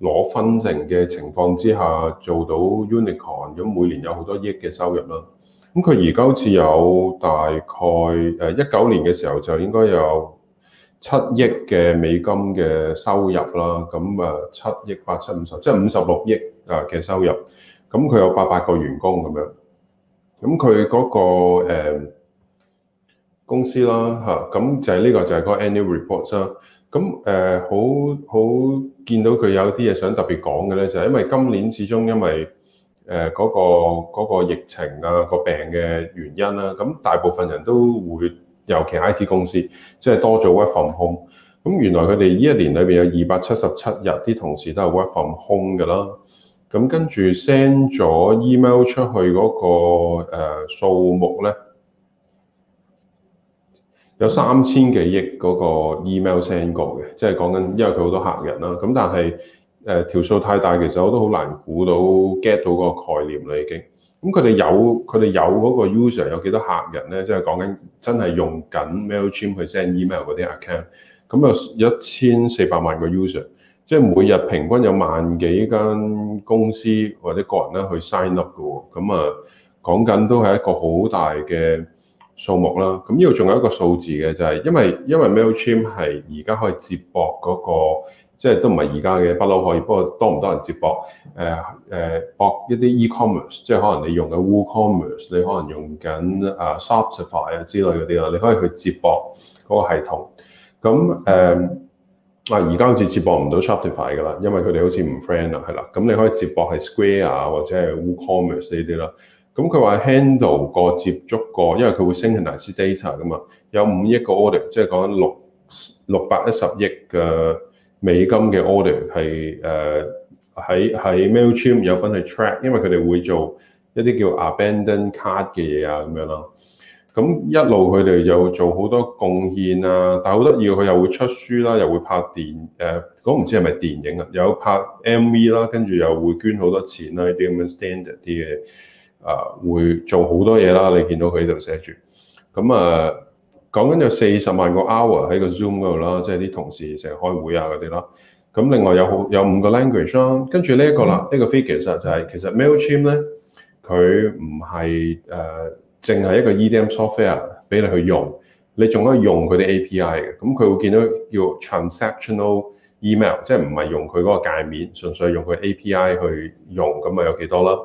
攞分成嘅情況之下做到 Unicorn 咁每年有好多億嘅收入啦。咁佢而家好似有大概誒一九年嘅時候就應該有七億嘅美金嘅收入啦。咁誒七億八七五十即係五十六億啊嘅收入。咁佢有八百個員工咁樣。咁佢嗰個公司啦吓，咁就係呢個就係嗰 annual report 啦。咁誒好好見到佢有啲嘢想特別講嘅咧，就係、是、因為今年始終因為誒、那、嗰、個那個疫情啊個病嘅原因啦、啊，咁大部分人都會尤其 IT 公司，即、就、係、是、多咗 work from home。咁原來佢哋呢一年裏邊有二百七十七日啲同事都係 work from home 嘅啦。咁跟住 send 咗 email 出去嗰個誒數目咧。有三千幾億嗰個 email send 過嘅，即係講緊因為佢好多客人啦。咁但係誒條數太大，其實我都好難估到 get 到嗰個概念啦已經。咁佢哋有佢哋有嗰個 user 有幾多客人咧？即係講緊真係用緊 mailchimp 去 send email 嗰啲 account、嗯。咁啊，一千四百萬個 user，即係每日平均有萬幾間公司或者個人咧去 sign up 嘅喎。咁、嗯、啊，講緊都係一個好大嘅。數目啦，咁呢度仲有一個數字嘅，就係、是、因為因為 Mailchimp 係而家可以接駁嗰、那個，即、就、係、是、都唔係而家嘅，不嬲可以，不過多唔多人接駁？誒、呃、誒，駁、呃、一啲 e-commerce，即係可能你用緊 WooCommerce，你可能用緊啊 Shopify 啊之類嗰啲啦，你可以去接駁嗰個系統。咁誒啊，而家好似接駁唔到 Shopify 噶啦，因為佢哋好似唔 friend 啦，係啦。咁你可以接駁係 Square 啊，或者係 WooCommerce 呢啲啦。咁佢話 handle 過接觸過，因為佢會升 nice data 噶嘛，有五億個 order，即係講緊六六百一十億嘅美金嘅 order 係誒喺、uh, 喺 Mailchimp 有份去 track，因為佢哋會做一啲叫 abandoned card 嘅嘢啊咁樣咯。咁一路佢哋又做好多貢獻啊，但係好得意，佢又會出書啦、啊，又會拍電誒，嗰、uh, 唔知係咪電影啊？有拍 MV 啦、啊，跟住又會捐好多錢啦、啊，呢啲咁樣 standard 啲嘅。啊，會做好多嘢啦！你見到佢喺度寫住，咁啊講緊有四十萬個 hour 喺個 Zoom 嗰度啦，即係啲同事成日開會啊嗰啲啦。咁另外有好有五個 language 啦，跟住呢一個啦，呢個 figure 就係、是、其實 Mailchimp 咧，佢唔係誒淨係一個 EDM software 俾你去用，你仲可以用佢啲 API 嘅。咁佢會見到叫 transactional email，即係唔係用佢嗰個界面，純粹用佢 API 去用，咁啊有幾多啦？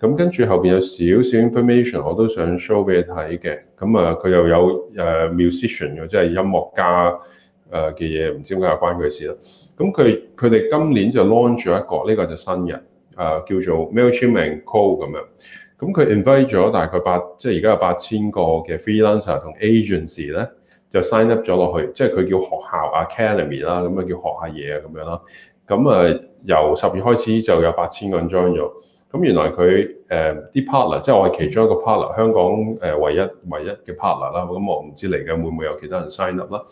咁跟住後邊有少少 information，我都想 show 俾你睇嘅。咁啊，佢又有誒 musician，即係音樂家誒嘅嘢，唔知點解又關佢事啦。咁佢佢哋今年就 launch 咗一個，呢、這個就新人誒，叫做 Mailchimp & Co 咁樣。咁佢 invite 咗大概八，即係而家有八千個嘅 freelancer 同 agency 咧，就 sign up 咗落去，即係佢叫學校 academy 啦，咁樣叫學下嘢啊咁樣啦。咁啊，由十月開始就有八千個人 join 咗。咁原來佢誒啲 partner，即係我係其中一個 partner，香港誒唯一唯一嘅 partner 啦。咁我唔知嚟嘅會唔會有其他人 sign up 啦？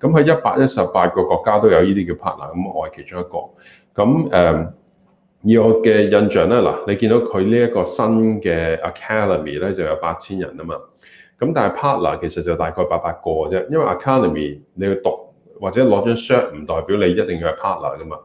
咁喺一百一十八個國家都有呢啲叫 partner，咁我係其中一個。咁誒、呃，以我嘅印象咧，嗱，你見到佢呢一個新嘅 academy 咧，就有八千人啊嘛。咁但係 partner 其實就大概八百個啫，因為 academy 你去讀或者攞張 shirt 唔代表你一定要係 partner 㗎嘛。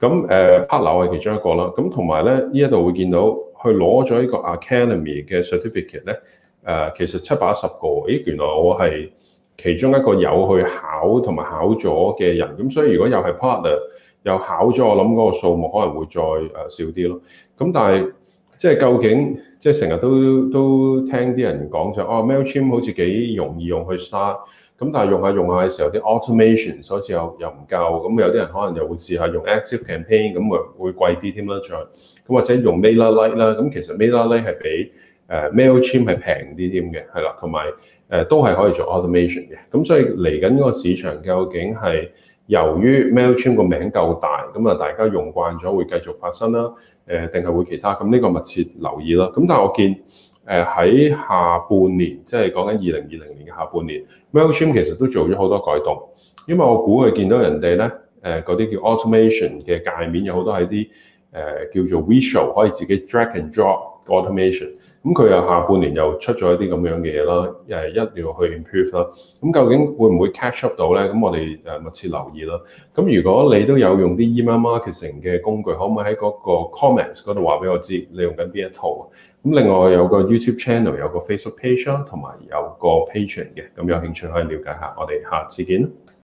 咁誒 partner 係其中一個啦，咁同埋咧呢一度會見到佢攞咗呢個 academy 嘅 certificate 咧、呃，誒其實七百一十個，咦、欸、原來我係其中一個有去考同埋考咗嘅人，咁所以如果又係 partner 又考咗，我諗嗰個數目可能會再誒少啲咯，咁但係。即係究竟，即係成日都都聽啲人講就哦、啊，Mailchimp 好似幾容易用去 start，咁但係用下用下嘅時候啲 automation 好似又唔夠，咁有啲人可能又會試下用 Active Campaign，咁啊會，會貴啲添啦，再，咁或者用 MailerLite 啦，咁其實 MailerLite 係比誒 Mailchimp 係平啲添嘅，係啦，同埋誒都係可以做 automation 嘅，咁所以嚟緊個市場究竟係？由於 Mailchimp 個名夠大，咁啊大家用慣咗會繼續發生啦，誒定係會其他，咁呢個密切留意啦。咁但係我見誒喺、呃、下半年，即係講緊二零二零年嘅下半年，Mailchimp 其實都做咗好多改動，因為我估佢見到人哋咧誒嗰啲叫 automation 嘅界面有好多係啲誒叫做 visual 可以自己 drag and drop automation。咁佢又下半年又出咗一啲咁樣嘅嘢啦，誒，一定要去 improve 啦。咁究竟會唔會 catch up 到咧？咁我哋誒密切留意啦。咁如果你都有用啲 email marketing 嘅工具，可唔可以喺嗰個 comments 嗰度話俾我知你用緊邊一套？啊？咁另外有個 YouTube channel，有個 Facebook page 啦，同埋有個 Patreon 嘅。咁有興趣可以了解下。我哋下次見。